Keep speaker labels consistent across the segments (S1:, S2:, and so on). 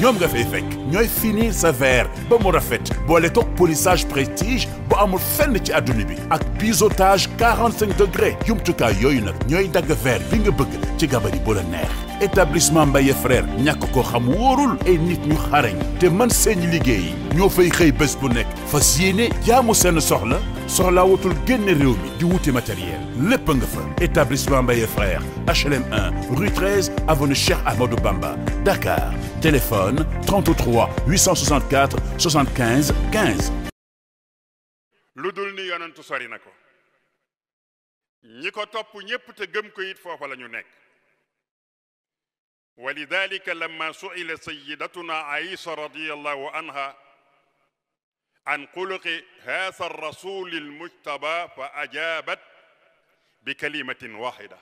S1: ñoom nga fay fekk ñooy finir sa verre ba mu rafet boole ko polissage prestige bu amul fenn ci adduna bi ak biseautage 45 degré jumtukaay yooyu nag ñooy dagg verre bi nga bëgg ci gabari bu la neex. établissement Mbaye frère ñàkk ko xam wóorul ay nit ñu xarañ te man seen liggéey ñoo fay xëy bés bu nekk fas yéene jaamu seen soxla soxlaa wutul génne réew mi matériel lépp nga fa établissement Mbaye frère HLM 1 rue 13 avenue Cheikh Amadou Bamba Dakar téléphone 33 864 75 15.
S2: lu dul ni yonantu sori na ko ñi ko topp ñépp te gëm ko it foofa la ñu nekk wa lidalika lamma suila sayidatuna aïsa radiallahu anha عن خلق هذا الرسول المجتبى فأجابت بكلمة واحدة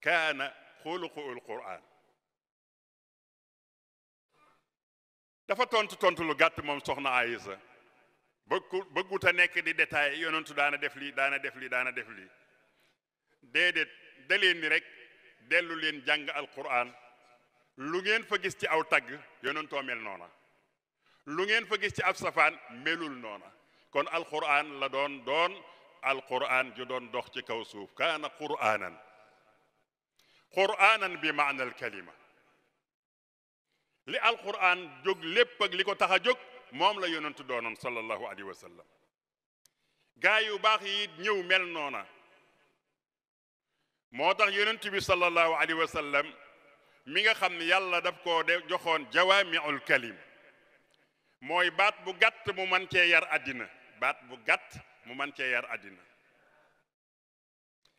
S2: كان خلق القرآن dafa tontu tontu lu gàtt moom soxna Ayisa bëggu bëggut a nekk di détail yonentu daana def lii daana def lii daana def lii déedéet da leen ni rek dellu leen jàng alquran lu ngeen fa gis ci aw tagg yonentoo mel noona lu ngeen fa gis ci ab safaan melul noona kon alquran la doon doon alquran ju doon dox ci kaw suuf kaana quraanan quraanan bi maana al kalima li alquran jóg lépp li ko tax a jóg moom la yonentu doonoon sallallahu alayhi wa sallam gaa yu baax yi ñëw mel noona moo tax yonent bi sallallahu alayhi wa sallam mi nga xam ne yàlla daf koo de joxoon jawaamiul kalim mooy baat bu gàtt mu man cee yar àddina baat bu gàtt mu man cee yar àddina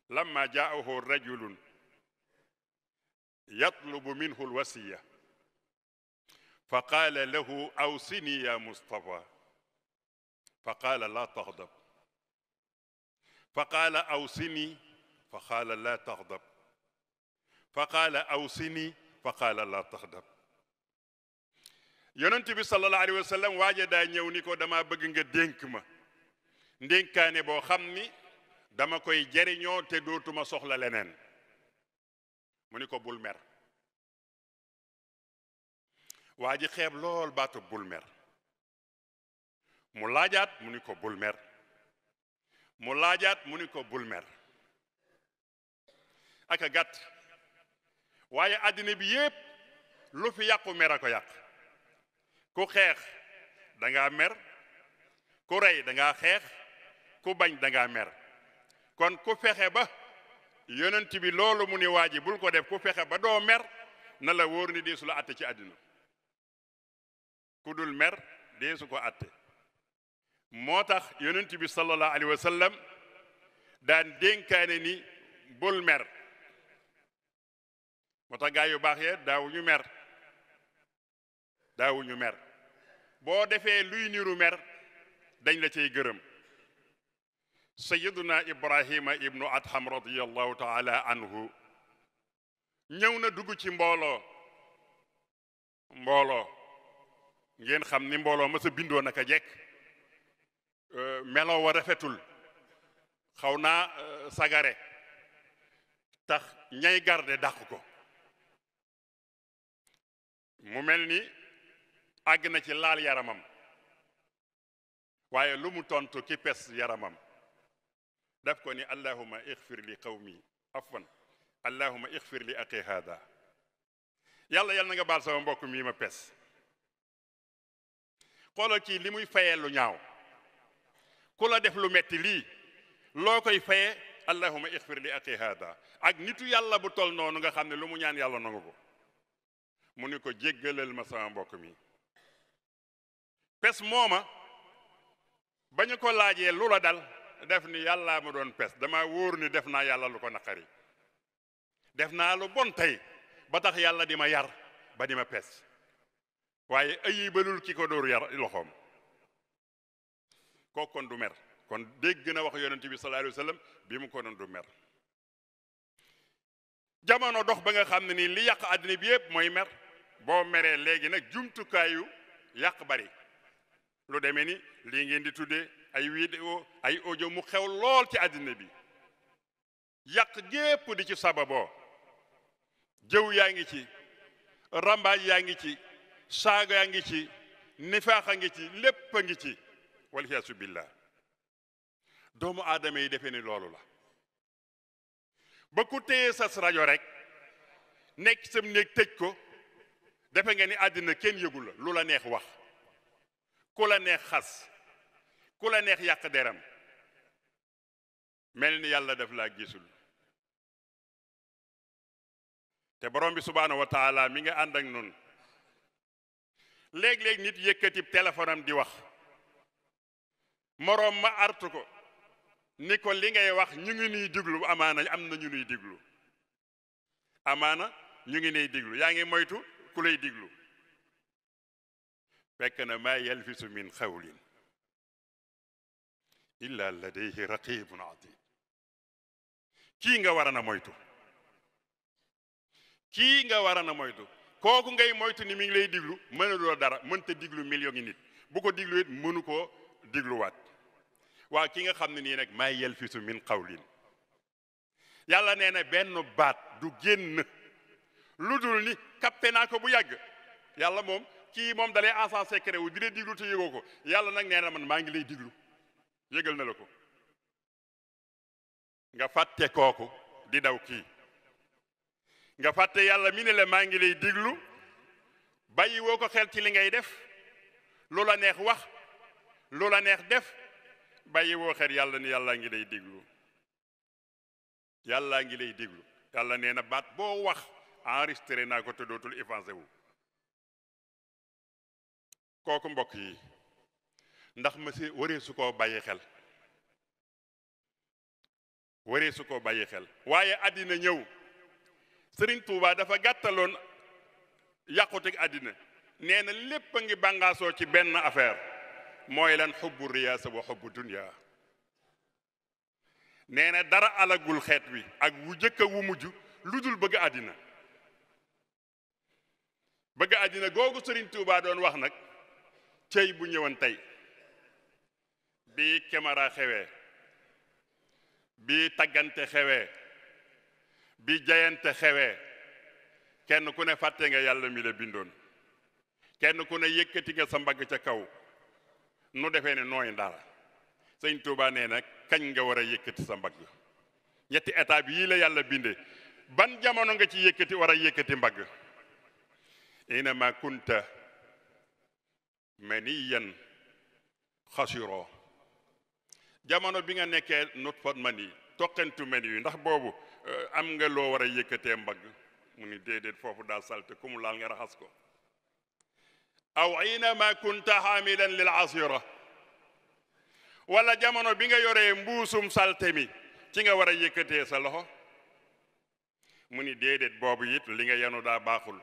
S2: lamma jaahu rajulun yatlubu minhu alwasiya fa qaala lahu awsini ya mustafa fa qaala laa taxdab fa qaala awsini fa qaala laa taxdab fa qaala awsini fa qaala laa taxdab yonent bi sallallahu alayhi wa sallam waaje daa ñëw ni ko dama bëgg nga dénk ma ndénkaane boo xam ni dama koy jariñoo te dootuma soxla leneen mu ni ko bul mer waa ji xeeb lool baatu bul mer mu laajaat mu ni ko bul mer mu laajaat mu ni ko bul mer gàtt waaye àddina bi yépp lu fi yàqu mer a ko yàq ku xeex da ngaa mer ku rey da ngaa xeex ku bañ da mer kon ku fexe ba yonent bi loolu mu ni waa ji bul ko def ku fexe ba doo mer na la wóor ni deesu la atte ci àddina ku dul mer deesu ko atte moo tax yonent bi sallallahu alayhi wa sallam daan dénkaane ni bul mer moo tax gaa yu baax yee daaw ñu mer daawuñu mer boo defee luy mer dañ la cey gërëm sayiduna ibrahima ibnu adham radiallahu taala anhu ñëw na dugg ci mbooloo mbooloo ngeen xam ni mbooloo ma sa bindoo naka jekk euh, meloo wa rafetul xaw naa euh, sagare tax ñay garde dàq ko mu mel ni àgg na ci laal yaramam waaye lu mu tontu ki pes yaramam daf ko ni allahuma ixfir li qawmi afwan allahuma ixfir li aqi haada yàlla yàlla na nga baal sama mbokk mii ma pes xoolal ci li muy fayee lu ñaaw ku la def lu metti lii loo koy fayee allahuma ixfir li aqi haada ak nitu yàlla bu tol noonu nga xam ne lu mu ñaan yàlla nangu ko mu ni ko jéggalal ma sama mbokk mi pes mooma ba ñu ko laajee lu la dal def ni yàllaa ma doon pes dama wóor ni def naa yàlla lu ko naqari def naa lu bon tey ba tax yàlla di ma yar ba di ma pes waaye ayibalul ki ko door yar loxoom koo kon du mer kon dégg na wax yonent bi sallallahu alayhi wa sallam bi mu ko doon du mer jamono dox ba nga xam ne nii li yàq àddina bi yëpp mooy mer boo meree léegi nag jumtukaayu yàq bari lu demee ni lii ngeen di tuddee ay vidéo ay ojo mu xew lool ci àddina bi yàq gépp di ci sababoo jëw yaa ngi ci rambaaj yaa ngi ci saaga yaa ngi ci nifaax a ngi ci lépp a ngi ci walxiyaasu billah doomu aadama yi defee ni loolu la ba ku téye sas rajo rek nekk sam néeg tëj ko defe nga ni àddina kenn yëgul la lu la neex wax ku la neex xas ku la neex yàq deram mel ni yàlla def laa gisul te borom bi subhaanahu wa taala mi nga ànd ak noonu léeg-léeg nit yëkkati téléphone am di wax moroom ma artu ko ni ko li ngay wax ñu ngi nuy diglu amaana am na ñu nuy diglu amaana ñu ngi nuy diglu yaa ngi moytu ku lay diglu fekk na maa yalfisu min xawlin illa ladayhi raqibun atid kii nga war a moytu kii nga war a moytu kooku ngay moytu ni mi ngi lay diglu mënuloo dara mënta diglu million yi nit bu ko diglu it mënu koo digluwaat waa ki nga xam ne nii nag maa yalfisu min qawlin yàlla nee na benn baat du génn lu dul ni capté naa ko bu yàgg yàlla moom kii moom dalay encensé secret wu di lay diglu te yëgoo ko yàlla nag nee na man maa ngi lay diglu yëgal na la ko nga fàtte kooku di daw kii nga fàtte yàlla mi ne maa ngi lay diglu bàyyi woo ko xel ci li ngay def lu la neex wax lu la neex def bàyyi woo xel yàlla ni yàlla ngi lay diglu yàlla ngi lay diglu yàlla nee na baat boo wax enregistré naa ko te dootul effacé wu kooku mbokk yi ndax monsieur waree su koo bàyyi xel waree su koo bàyyi xel waaye àddina ñëw sëriñ Touba dafa gàttaloon yàqutik àddina nee na lépp a ngi bàngaasoo ci benn affaire mooy lan xubbu riyaasa wa xubbu dunya nee na dara alagul xeet wi ak wu jëkk wu mujj lu dul bëgg àddina bëgg àddina googu sëriñ Touba doon wax nag cey bu ñëwoon tey bi caméra xewee bi taggante xewee bi jayante xewee kenn ku ne fàtte nga yàlla mi la bindoon kenn ku ne yëkkati nga sa mbagg ca kaw nu defee ne nooy dara sëñ Tuubaa nee nag kañ nga war a yëkkati sa mbagg ñetti état yii la yàlla binde ban jamono nga ci yëkkati war a yëkkati mbagg inama kunta maniyan xasiroo jamono bi nga nekkee nutfat mani toqantu mani ndax boobu eh, am nga loo war a yëkkatee mbagg mu ni déedéet foofu daa salte ku mu laal nga raxas ko aw inama kunta xaamilan lil asira wala jamono bi nga yoree mbuusum salte mi ci nga war a yëkkatee sa loxo mu ni déedéet boobu it li nga yenu daa baaxul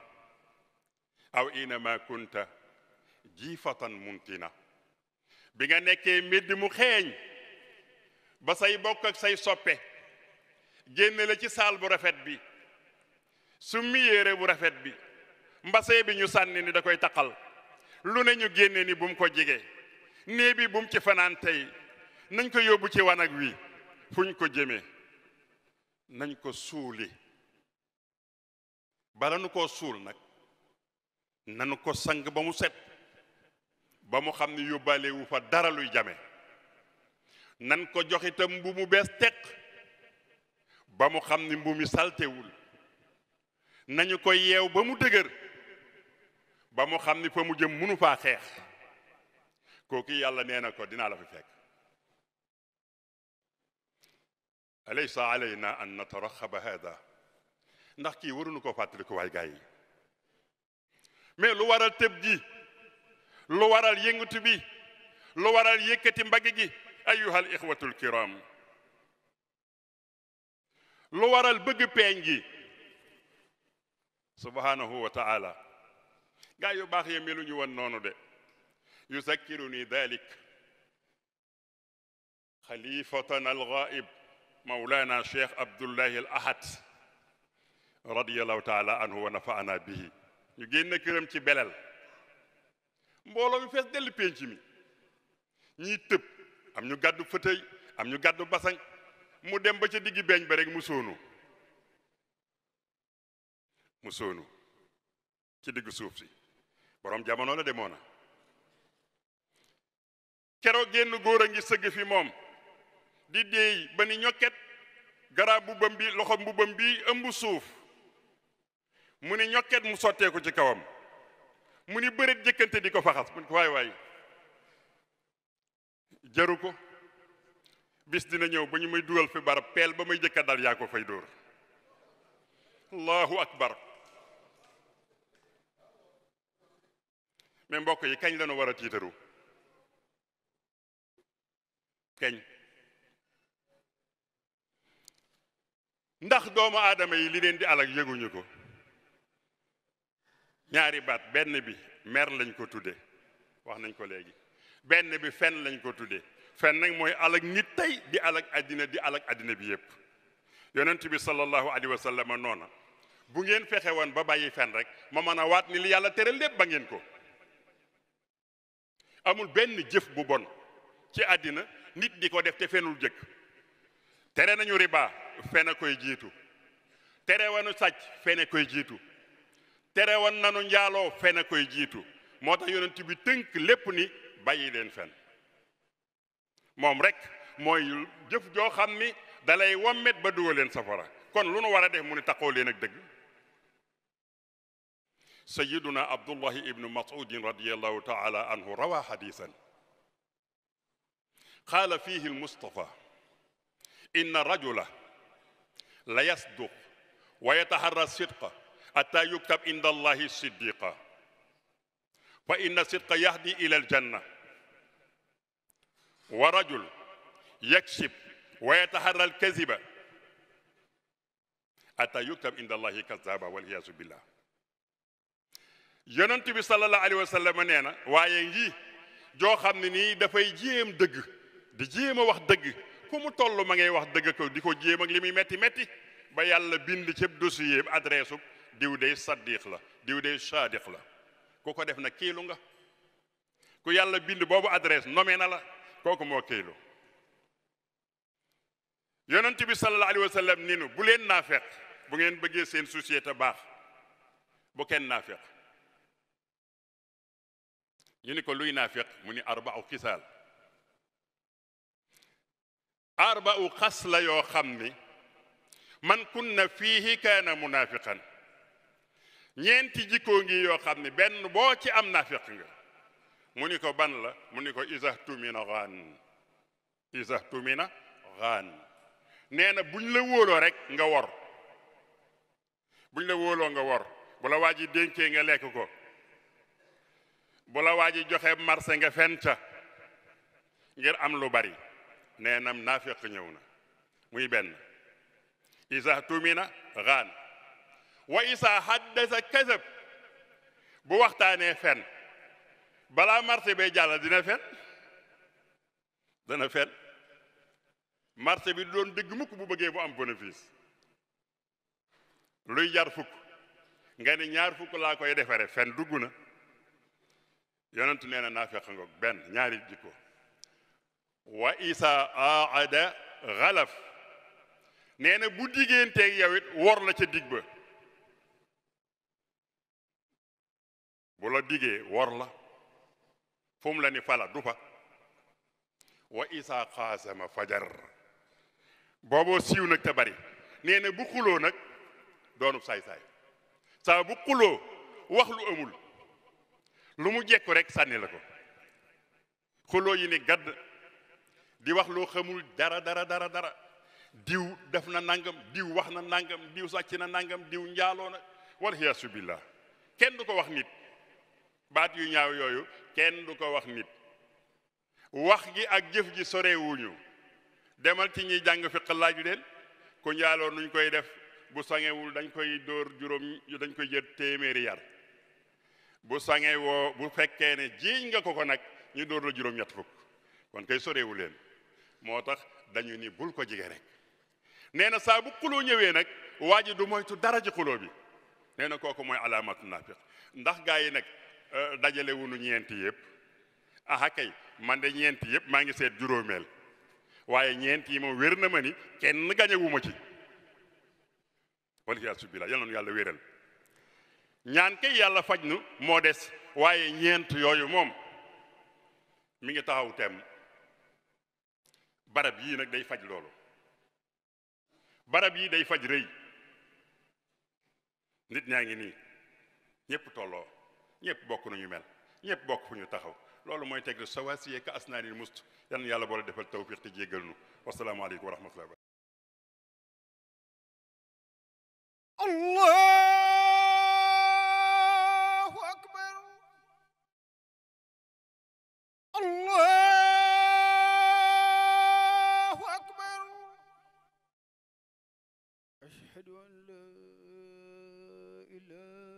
S2: aw inama kunta jiifatan na bi nga nekkee mbedd mu xeeñ ba say bokk ak say soppe génne la ci saal bu rafet bi summi yére bu rafet bi mbase bi ñu sànni ni da koy taqal lu ne ñu génne ni bum ko jege nee bi bum ci fanaan tey nañ ko yóbbu ci wanag wi fuñ ko jëme nañ ko suuli bala nu koo suul nag nanu ko sang ba mu set ba mu xam ne yóbbaale fa dara luy jame nan ko jox mbubb mu bees teq ba mu xam ni mbubb mi saltewul nañu ko yeew ba mu dëgër ba mu xam ni fa mu jëm munu faa xeex kooku yàlla nee na ko dinaa la fi fekk alaysa alayna an nataraxaba hada ndax kii waruñu ko fàttali ko waay yi lu waral tëb ji lu waral yëngatu bi lu waral yëkkati mbagg gi ayyuhal ixwatul kiram lu waral bëgg peeñ gi subhanahu wa taala gaa yu baax ya meluñu woon noonu de yuzakkiruni dalik xalifatana algaib mawlana cheikh abdullahi al ahad radiallahu wa nafaana bihi ñu génn këram ci belal mbooloo mi fees dellu pénc mi ñiy tëb am ñu gàddu fëtëy am ñu gàddu basañ mu dem ba ca diggi beeñ ba rek mu sóonu mu sóonu ci diggu suuf si boroom jamono la demoon na keroog génn góor a ngi sëgg fi moom di déey ba ni ñokket garab mbubbam bi loxo mbubbam bi ëmb suuf mu ni ñokket mu sotteeku ci kawam mu ni bëreet jëkkante di ko faxas mu ko waay waay jaru ko bis dina ñëw ba ñu may dugal fi barab peel ba may jëkka dal yaa ko fay dóor allahu akbar mais mbokk yi kañ la ñu war a tiitaru kañ ndax doomu aadama yi li leen di alak yëguñu ko ñaari baat benn bi mer lañ ko tudde wax nañ ko léegi benn bi fen lañ ko tudde fen nag mooy alak nit tey di alak àddina di alak àddina bi yépp yonent bi sallallahu alayhi wa sallam noona bu ngeen fexe woon ba bàyyi fen rek ma mën a waat ni li yàlla tere lépp ba ngeen ko amul benn jëf bu bon ci àddina nit di ko def te fenul jëkk tere nañu riba fen koy jiitu tere wanu sàcc fen a koy jiitu tere woon nanu njaaloo fen a koy jiitu moo tax yonent bi tënk lépp ni bàyyi leen fen moom rek mooy jëf joo xam ni dalay wommet ba leen safara kon lu nu war a def mu ne taxoo leen ak dëgg sayiduna abdullahi ibnu masudin radiallahu taala anhu rawa xadisan qaala fihi almustafa inna rajula la yasduq wa yataharra sidqa حتى يكتب عند الله صديقا فإن الصدق يهدي إلى الجنة ورجل يكشف ويتحرى الكذب حتى يكتب عند الله كذابا والعياذ بالله yonent bi sallallahu alayhi wa sallam nee na waaye ngi joo xam ne nii dafay jéem dëgg di jéem a wax dëgg fu mu toll ma ngay wax dëgg ko di ko jéem ak li muy metti metti ba yàlla bind cëb dossier adresse diw dey saddiq la diw dey saadiq la ku ko def na kiilu nga ku yàlla bind boobu adresse nommé na la kooku moo kiilu yonent bi sallallahu alayhi wa ni nu bu leen naafeq bu ngeen bëggee seen société baax bu kenn naafeq ñu ni ko luy naafeq mu ni arba'u kisaal arba'u xas la yoo xam ni man kunna fiihi kaana munaafiqan ñeenti jikkoo ngi yoo xam ne benn boo ci am naafiq nga mu ni ko ban la mu ni ko isa tumina xaan isa tumina xaan nee na buñ la wóoloo rek nga wor buñ la wóoloo nga wor bu la waa ji dénkee nga lekk ko bu la waa ji joxe marché nga fen ca ngir am lu bari nee na naafiq ñëw na muy benn isa tumina xaan wa isa sa kasab bu waxtaanee fen balaa marché bay jàll dina fen dana fen marché bi doon dëgg mukk bu bëggee bu am bénéfice luy jar fukk nga ne ñaar fukk laa koy defare fen dugg na yonent nee na naafeq ngoog benn ñaari jikko wa isa aada xalaf nee na bu digganteeg yow it wor la ca dig ba bu la digee wor la fu la ni fala du fa wa isa xaasama fajar boobu siiw nag te bari nee na bu xuloo nag doonu saay-saay saa bu xuloo wax lu amul lu mu jekku rek sànni la ko xuloo yi ni gadd di wax loo xamul dara dara dara diw def na nangam diw wax na nangam diw sàcc na nangam diw njaaloo na wal xiyaasu billah kenn du ko wax nit baat yu ñaaw yooyu kenn du ko wax nit wax gi ak jëf ji sorewuñu demal ci ñuy jàng fiq laaju leen ku njaaloo nuñ koy def bu sangewul dañ koy dóor juróom dañ koy jël téeméeri yar bu sangewoo bu fekkee ne jiiñ nga ko ko nag ñu dóor la juróom ñett fukk kon kay sorewu leen moo tax dañu ni bul ko jige rek nee na saa bu xuloo ñëwee nag waa ji du moytu dara ci xuloo bi nee na kooku mooy alaamat naafiq ndax gaa yi nag Euh, dajale wunu ñeenti yëpp aha kay man de ñeenti yëpp maa ngi seet juróomeel waaye ñeent yi moom wér na ma ni kenn gañewuma ci wala yaa subila yal yàlla wéral ñaan kay yàlla faj nu moo des waaye ñeent yooyu moom mu ngi taxaw tem barab yii nag day faj loolu barab yii day faj rëy nit ñaa ngi nii ñépp tolloo ñëpp bokk nañu mel ñëpp bokk fu ñu taxaw loolu mooy teg sawaasiye ka asnaanil must yan yàlla boole defal tawfiq te jéggal nu wasalaamaaleykum wa rahmatullahi
S1: allahu akbar allahu
S2: akbar ashhadu an la ilaha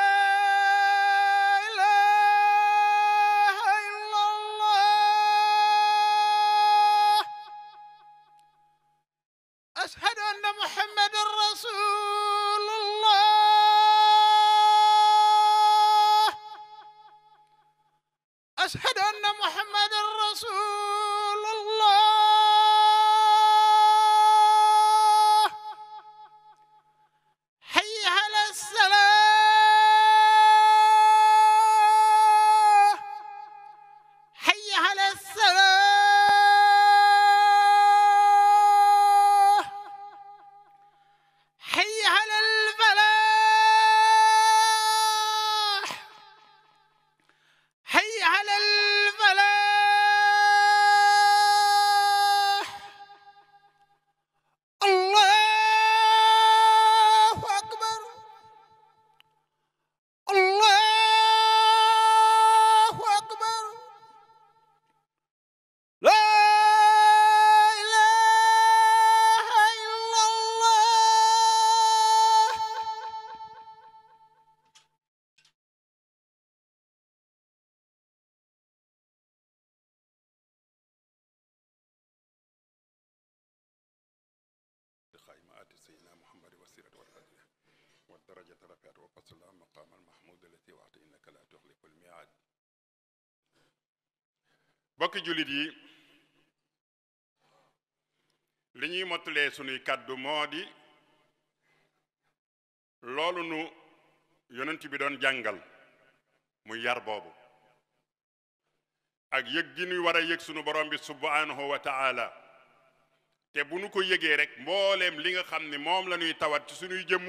S1: ashhadu anna muhammad
S2: المغفرة والعافية والدرجة رفعت وفصل مقام المحمود التي وعدت إنك لا تخلف الميعاد bokki jullit yi li ñuy mottalee sunuy kàddu moo di loolu nu yonent bi doon jàngal muy yar boobu ak yëg gi nuy war a yëg sunu borom bi subhanahu wa ta'ala te bu nu ko yëgee rek mbooleem li nga xam ne moom la ñuy tawat ci suñuy jëmm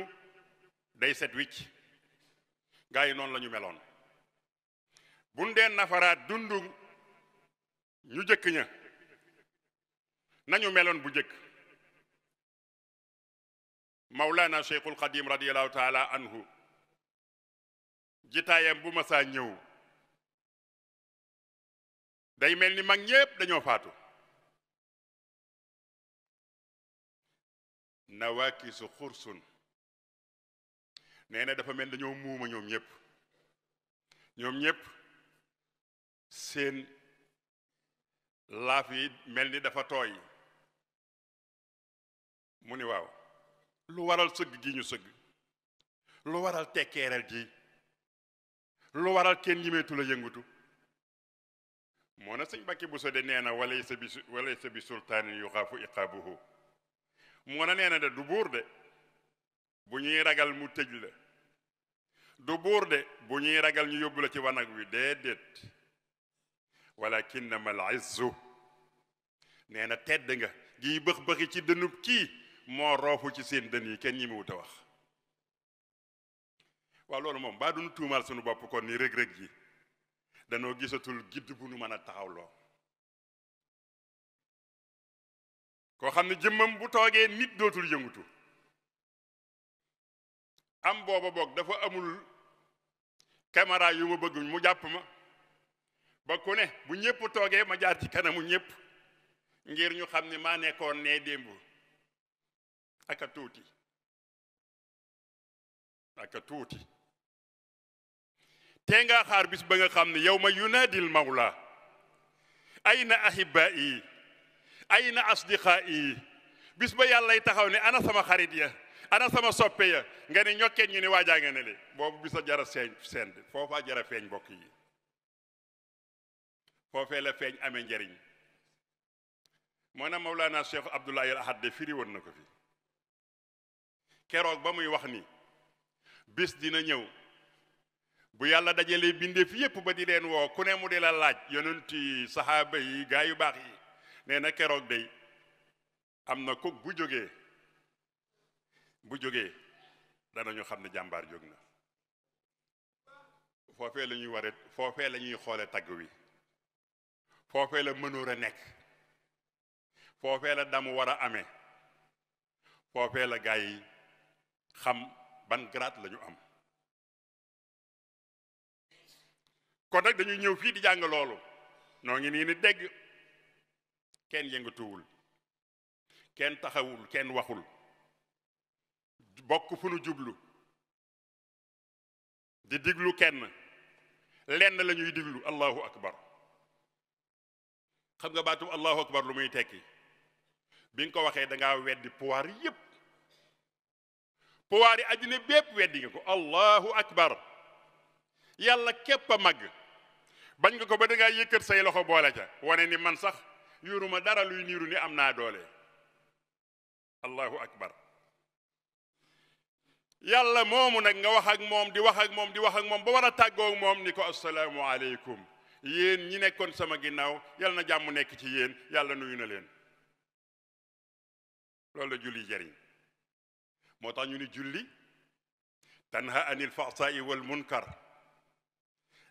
S2: day set wicc gaa yi noonu la ñu meloon buñ dee nafaraat dundu ñu jëkk ña nañu meloon bu jëkk mawlana cheikhul xadim radiallahu taala anhu jitaayam bu masaa ñëw day mel ni mag ñépp dañoo faatu na nawaakisu xursun nee na dafa mel dañoo muuma ñoom ñëpp ñoom ñëpp seen laaf yi mel ni dafa tooy mu ni waaw lu waral sëgg gi ñu sëgg lu waral tekkeeral ji lu waral kenn ñimeetu la yëngutu moo na sëñ bakki bu so de nee na walay sa bi walay sa bi sultaanin moo na nee na de du buur de bu ñuy ragal mu tëj la du buur de bu ñuy ragal ñu yóbbu la ci wanag wi déedéet walakinama al izzu nee na tedd nga gi bëx bëxi ci dënub kii moo roofu ci seen dën yi kenn ñi mu wut wax waaw loolu moom baa duñu tuumaal suñu bopp kon ni rëg-rëg yi danoo gisatul gidd bu nu mën a taxaw taxawloo koo xam ne jëmmam bu toogee nit dootul yëngutu am booba boog dafa amul caméra yu ma bëgg mu jàpp ma ba ku ne bu ñëpp toogee ma jaar ci kanamu ñépp ngir ñu xam ne maa nekkoon ne démb aka tuuti aka tuuti te nga xaar bis ba nga xam ne yow ma yu ay na ayna ahibaa'i ay na asdiqaa yi bis ba yàllay taxaw ne ana sama xarit ya ana sama soppe ya nga ne ñokkeen ñu ne waajaa nga ne le boobu bisa jara seen seen foofaa jara feeñ mbokk yi foofee la feeñ amee njariñ moo na Mawlana Cheikh Abdoulaye al Ahad de firi woon na ko fi keroog ba muy wax ni bis dina ñëw bu yàlla dajalee bindee fi yépp ba di leen woo ku ne mu di la laaj yonent yi saxaaba yi gaa yu baax yi nee na keroog day am na ko bu jógee bu jógee ñu xam ne jàmbaar jóg na foofee la ñuy waree foofee la ñuy xoole tagg wi foofee la mënóor a nekk foofee la damu war a ame foofee la gaa yi xam ban grade lañu am kon nag dañuy ñëw fii di jàng loolu noo ngi nii ni kenn yëngatuwul kenn taxawul kenn waxul bokk fu nu jublu di diglu kenn lenn la ñuy diglu allahu akbar xam nga baatub allahu akbar lu muy tekki bi nga ko waxee da ngaa weddi pouvoir yépp pouvoir yi àddina bépp weddi nga ko allahu akbar yàlla képp a màgg bañ nga ko ba da ngaa yëkkat say loxo boole ca wane ni man sax yoruma dara luy niiru ni am naa doole allahu akbar yàlla moomu nag nga wax moom di wax moom di wax ak moom ba war a tàggook moom ni ko asalaamu aleykum yéen ñi nekkoon sama ginnaaw yal na jàmm nekk ci yéen yàlla nuyu na leen loolu la julli jëriñ moo tax ñu ni julli tanha anil faxsaa'i wal munkar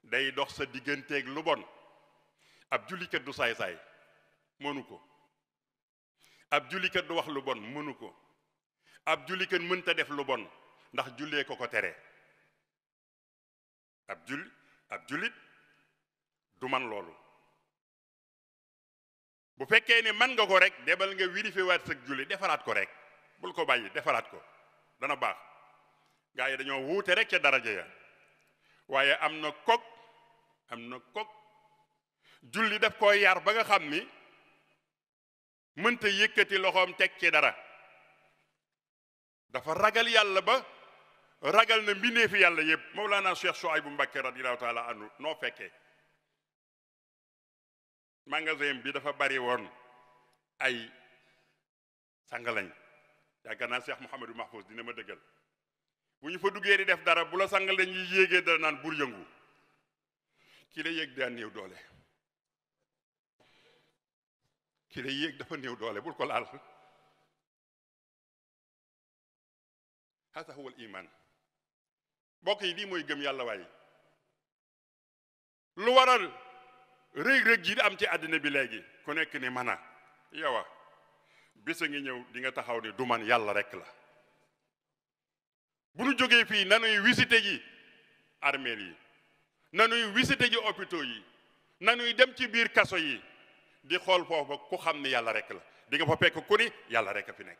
S2: day dox sa digganteeg lu bon ab jullikat du saay-saay mënu ko ab jullikat du wax lu bon mënu ko ab jullikat mënta def lu bon ndax jullee ko ko tere ab julli ab jullit du man loolu bu fekkee ne man nga ko rek debal nga vérifié waat sa julli defaraat ko rek bul ko bàyyi defaraat ko dana baax gaa dañoo wuute rek ca daraja ya waaye am na kok am na kok julli daf ko yar ba nga xam ni mënta yëkkati loxoom teg ci dara dafa ragal yàlla ba ragal na fi yàlla yëpp Mawlana Cheikh bu Mbacké radiyallahu taala anhu noo fekkee magasin bi dafa bari woon ay sangalañ yaakaar naa Cheikh Mouhamadou Mahfouz dina ma dëggal bu ñu fa duggee di def dara bu la sangalañ yi yéegee dara naan bur yëngu ki la yéeg daan néew doole ki la yéeg dafa néew doole bul ko laal hasa huwa al iman mbokk yi lii mooy gëm yàlla waaye lu waral rëg-rëg ji di am ci àddina bi léegi ku nekk ni mana yowa bés a ngi ñëw di taxaw ni duman yàlla rek la bu nu jógee fii nanuy visité ji armeel yi nanuy visité ji hôpitaux yi nanuy dem ci biir kaso yi di xool foofa ku xam ni yàlla rek la di nga fa fekk ku ni yàlla rek a fi nekk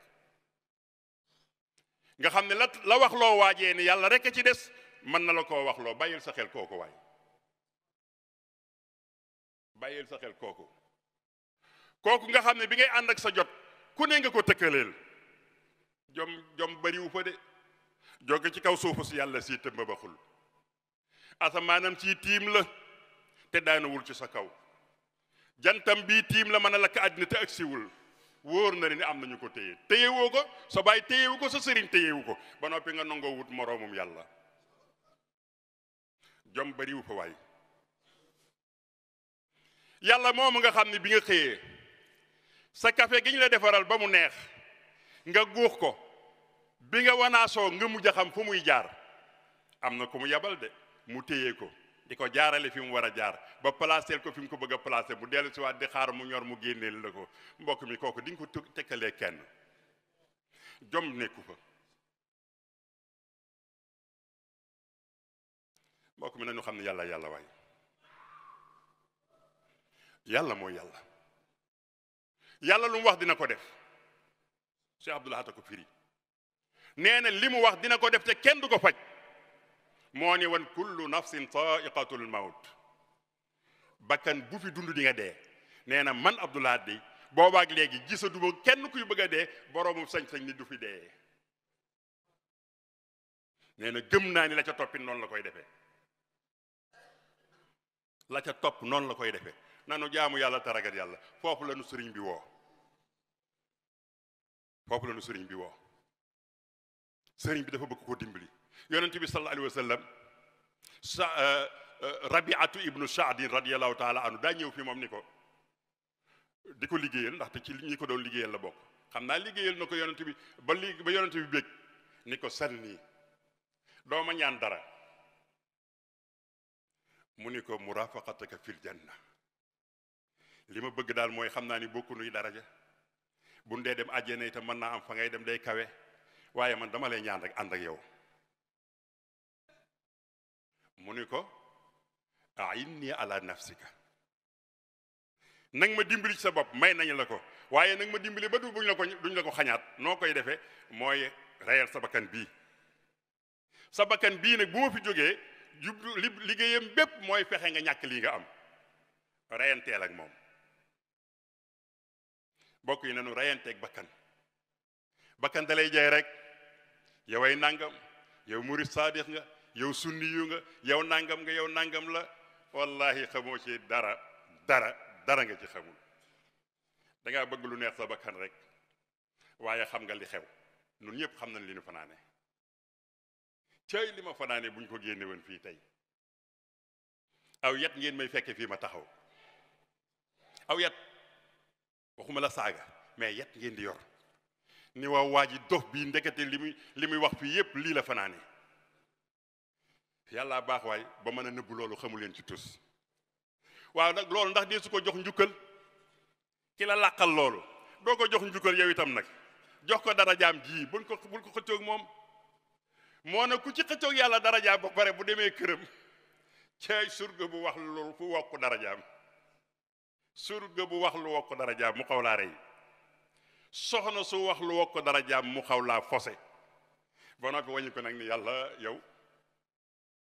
S2: nga xam ne la la wax loo waajee ne yàlla rek a ci des mën na la koo wax loo bàyyil sa xel kooku waay bàyyil sa xel kooku kooku nga xam ne bi ngay ànd ak sa jot ku ne nga ko tëkkaleel jom jom bariwu fa de jóge ci kaw suufu si yàlla si tëmba baxul asamaanam ci tiim la te daanuwul ci sa kaw jantam bii tiim la mën a lakk àddina te ak siwul wóor na ne ni am nañu ko téye téyewoo ko sa baay téyewu ko sa sëriñ téyewu ko ba noppi nga nangoo wut moroomum yàlla jom bariwu fa waay yàlla moomu nga xam ne bi nga xëyee sa kafe gi ñu la defaral ba mu neex nga guux ko bi nga wanaasoo nga mujj a xam fu muy jaar am na ko mu yabal de mu téye ko di ko jaarale fi mu war a jaar ba placé ko fi mu ko bëgg a placé bu dellu si waat di xaar mu ñor mu génneel la ko mbokk mi kooku di nga ko tekkalee kenn jom nekku fa mbokk mi nañu xam ne yàlla yàlla waay yàlla mooy yàlla yàlla lu mu wax dina ko def Cheikh Abdoul Ahad ko firi nee na li mu wax dina ko def te kenn du ko faj moo ne wan kullu nafsin taiqatul mawt bakkan bu fi dund di nga dee nee na man Abdoulaye di boobaak léegi gisatuma kenn kuy bëgg a dee boroomu sañ-sañ ni du fi dee nee na gëm naa ni la ca toppit noonu la koy defe la ca topp noonu la koy defe nanu jaamu yàlla te taragat yàlla foofu la nu sëriñ bi woo foofu la sëriñ bi sëriñ bi dafa bëgg ko dimbali yonent bi sallallahu alayhi wa sallam sa eh, eh, rabiatu ibnu Saadin radiyallahu taala anhu daa ñëw fi moom ni ko di ko liggéeyal ndaxte ci ñi ko doon liggéeyal la bokk xam naa liggéeyal na ko yonent bi ba li ba yonent bi bég ni ko sànni dooma ñaan dara mu ni ko murafaqataka fil janna li ma bëgg daal mooy xam naa ni bokkunuy daraja bu ñu dee dem àjjana itam mën naa am fa ngay dem day kawe waaye man dama lay ñaan rek ànd ak yow mu ni ko ainni ala nafsika nang ma dimbali ci sa bopp may nañ la ko waaye nag ma dimbali ba du buñ la ko la ko xañaat noo koy defe mooy reyal sa bakkan bii sa bakkan bii nag bu ma fi jógee jublu li liggéeyam bépp mooy fexe nga ñàkk lii nga am reyanteel ak moom bokk yi nanu reyanteeg bakkan bakkan da lay jay rek yoway nangam yow murid saadix nga yow sunni yu nga yow nangam nga yow nangam la wallahi xamoo ci dara dara dara nga ci xamul da bëgg lu neex sa bakkan rek waaye xam nga li xew ñun ñëpp xam nañ li ñu fanaane cay li ma fanaane buñ ko génne woon fii tey aw yet ngeen may fekke fii ma taxaw aw yat waxuma la saaga mais yet ngeen di yor ni waaw waa ji dof bii ndekete li li muy wax fii yépp lii la fanaane yàlla baax waay ba mën a nëbbu loolu xamu leen ci tus waaw nag loolu ndax dee su ko jox njukkal ki la làqal loolu doo ko jox njukkal yow itam nag jox ko darajaam ji bu ko buñ ko xëccoog moom moo ne ku ci xëccoog yàlla darajaam ba pare bu demee këram cay surga bu wax lu ku wokk darajaam surga bu wax lu wokk darajaam mu xaw laa rey soxna su wax lu wokk darajaam mu xaw laa fose ba noppi wañu ko nag ni yàlla yow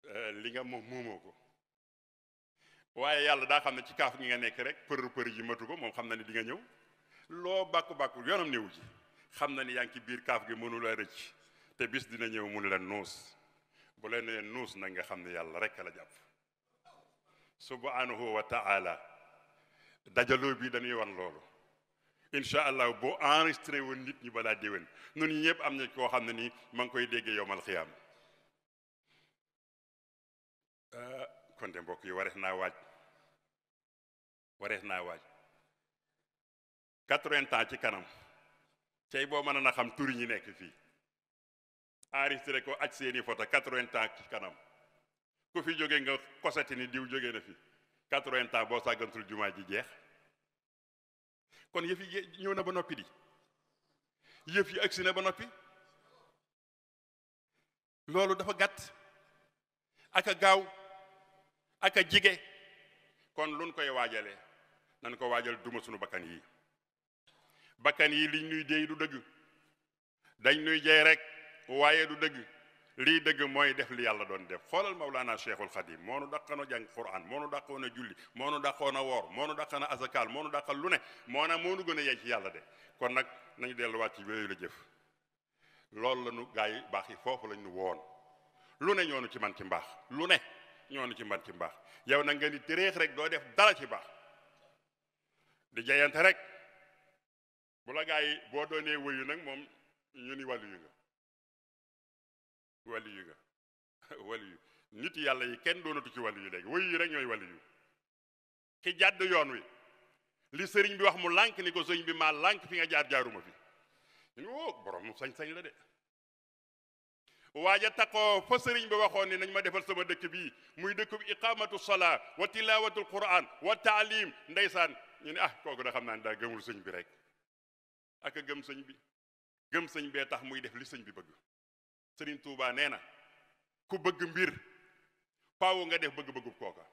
S2: Euh, li nga moom muumoo ko waaye yàlla daa xam ne ci kaaf gi nga nekk rek për për ji ko moom xam na ni di nga ñëw loo bàkku bàkku yoonam néew ji xam na ni yaa ngi ci biir kaaf gi mënu rëcc te bis dina ñëw mënu la nuus bu la nuus nag nga xam ne yàlla rek la jàpp subhanahu wa taala dajaloo bi dañuy wan loolu incha allah boo enregistré woon nit ñi balaa déwén nun ñëpp am na koo xam ne nii ma ngi koy déggee yowmal xiyaam Ah, kon de mbokk yi warees naa waaj warees naa waaj quatre-vingts ans ci kanam cey boo mën a na xam tur ñi nekk fii enregistré ko aj seeni photo quatre-vingts ans ci kanam ku fi jóge nga kosati ni diw jóge na fi quatre-vingts ans boo sàggantul jumaa ji jeex kon yëf yi ñëw na ba noppi di yëf yi agsi na ba noppi loolu dafa gàtt ak a gaaw ak a kon lu luñ koy waajale nan ko waajal duma sunu bakkan yi bakkan yi liñ nuy déy du dëgg dañ nuy jey rek waaye du dëgg lii dëgg mooy def li yàlla doon def xoolal Mawlana Cheikhul Khadim moo nu dàqoon a jàng Qur'an moo nu dàqoon a julli moo nu dàqoon a woor moo nu dàqoon a asakaal moo nu dàqal lu ne moo na moo nu gën a yey ci yàlla de kon nag nañu delluwaat ci yooyu la jëf loolu la nu gaa baax yi foofu lañ nu woon lu ne ñoonu ci ñoonu ci mbat ci mbaax yow na nga ni téréex rek doo def dara ci baax di jayante rek bu la boo doonee wëyu nag moom ñu ni wàllu yu nga wàllu yu nga wàllu yu nit yàlla yi kenn doonatu ci wàllu yu léegi wëyu yi rek ñooy wallu yu ki jàdd yoon wi li sëriñ bi wax mu lànk ni ko sëriñ bi maa lànk fi nga jaar jaaruma fi ñu borom sañ-sañ la de waa ja taqoo fa sëriñ bi waxoon ni nañ ma defal sama dëkk bii muy dëkk bi iqamatu salaa wa tilawatul quran wa taalim ndeysaan ñu ne ah kooku da xam naa ne daa gëmul sëñ bi rek ak gëm sëñ bi gëm sëñ bee tax muy def li sëñ bi bëgg sëriñ tuuba nee na ku bëgg mbir faaw nga def bëgg-bëggub kooka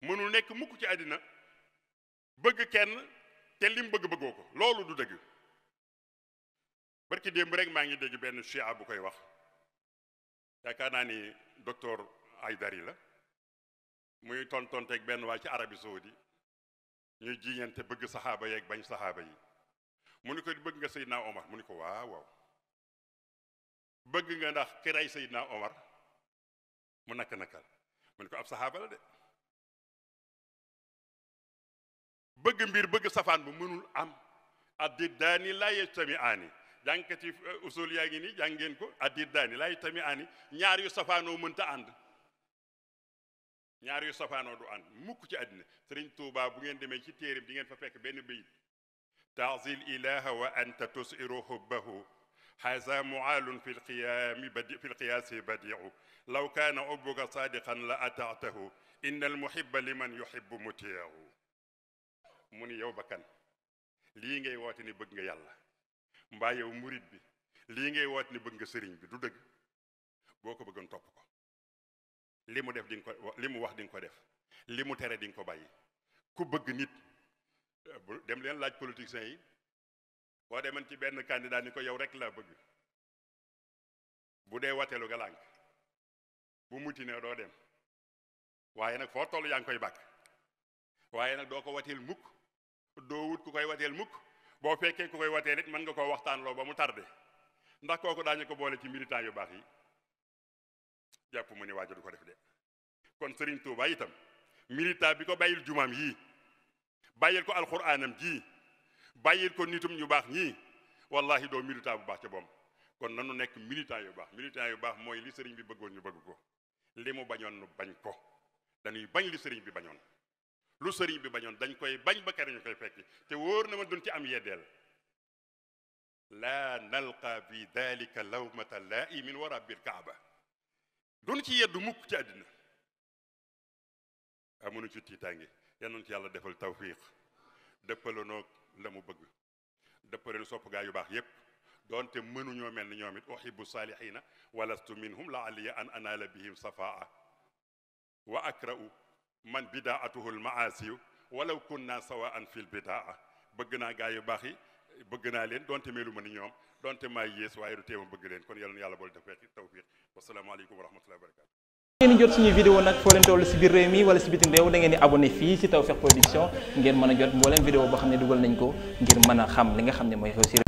S2: mënul nekk mukk ci àddina bëgg kenn te lim bëgg-bëggoo ko loolu du dëgg bërki démb rek maa ngi dégg benn chia bu koy wax yaakaar naa ni docteur Aydari la muy tontonteeg benn waay ci Arabie Saoudi ñuy jiñante bëgg saxaaba yeeg bañ saxaaba yi mu ni ko bëgg nga Seydina Omar mu ni ko waaw waaw bëgg nga ndax ki rey Seydina Omar mu nakk nakal mu ni ko ab saxaaba la de bëgg mbir bëgg safaan bu mënul am addi daani laa yejtami jàngkati euh, usul yaa ngi nii ngeen ko addiit daani laay tamit ani ñaar yu safaanoo mënta ànd ñaar du ànd mukk ci àddina sëriñ Tuubaa bu ngeen demee ci téerim di ngeen fa fekk benn bayit taazil ilaha wa anta tusiru fi lqiyaami fi lqiyaasi law kaana ubbuka saadiqan la ataatahu inna almuhiba liman yuhibu mutiiu mu ni yow bakkan lii ngay woote ni bëgg nga yàlla mbaa murit bi lii ngay woot ni bëgg nga sëriñ bi du dëgg boo ko bëggoon topp ko li mu def di nga ko li mu wax di nga ko def li mu tere di nga ko bàyyi ku bëgg nit eh, dem leen laaj politiciens yi boo demoon ci benn candidat ni ko yow rek laa bëgg bu dee watelu nga lànk bu muti ne doo dem waaye nag foo toll yaa ngi koy bàkk waaye nag doo ko wateel mukk doo wut ku koy wateel mukk boo fekkee ku koy watee nit mën nga koo waxtaan loo ba mu tardé ndax kooku daañu ko boole ci militant yu baax yi jàpp mu ne waaju du ko def de kon Serigne Touba itam militant bi ko bàyyil jumaam yii bàyyil ko alxuraanam jii bàyyil ko nitum ñu baax ñii wallahi doo militant bu baax ca boom kon nanu nekk militant yu baax militant yu baax mooy li sëriñ bi bëggoon ñu bëgg ko li mu bañoon nu bañ ko dañuy bañ li sëriñ bi bañoon lu sëriñ bi bañoon dañ koy bañ ba kere ñu te wóor na ma duñ ci am yeddeel laa nalqa bi dalika lawmata laa'i min wara bir kaaba ci yeddu mukk ci àddina amunu ci tiitaange yanoon ci yàlla defal tawfiq dëppalanoog la mu bëgg dëppalen sopp gaa yu baax yépp doonte mënuñoo mel ni ñoom it uhibbu saalihiina walastu minhum la aliya an anaala bihim safaa wa akra'u man bidaatuhul maasiyu walaw kunna sawaan fil bidaa bëgg naa gaa yu baax yi bëgg naa leen donte melu ma ni ñoom donte maay yées waaye du teewam bëgg leen kon yal na yàlla boole defee tawfiq wasalaamaaleykum wa rahmatullahi wa barakaatu. ngeen jot suñu vidéo nag foo leen toll si biir réew mi wala fii si Tawfekh Production ngeen mën a jot mbooleem vidéo boo xam ne dugal nañ ko ngir mën a xam li nga xam ne mooy réussir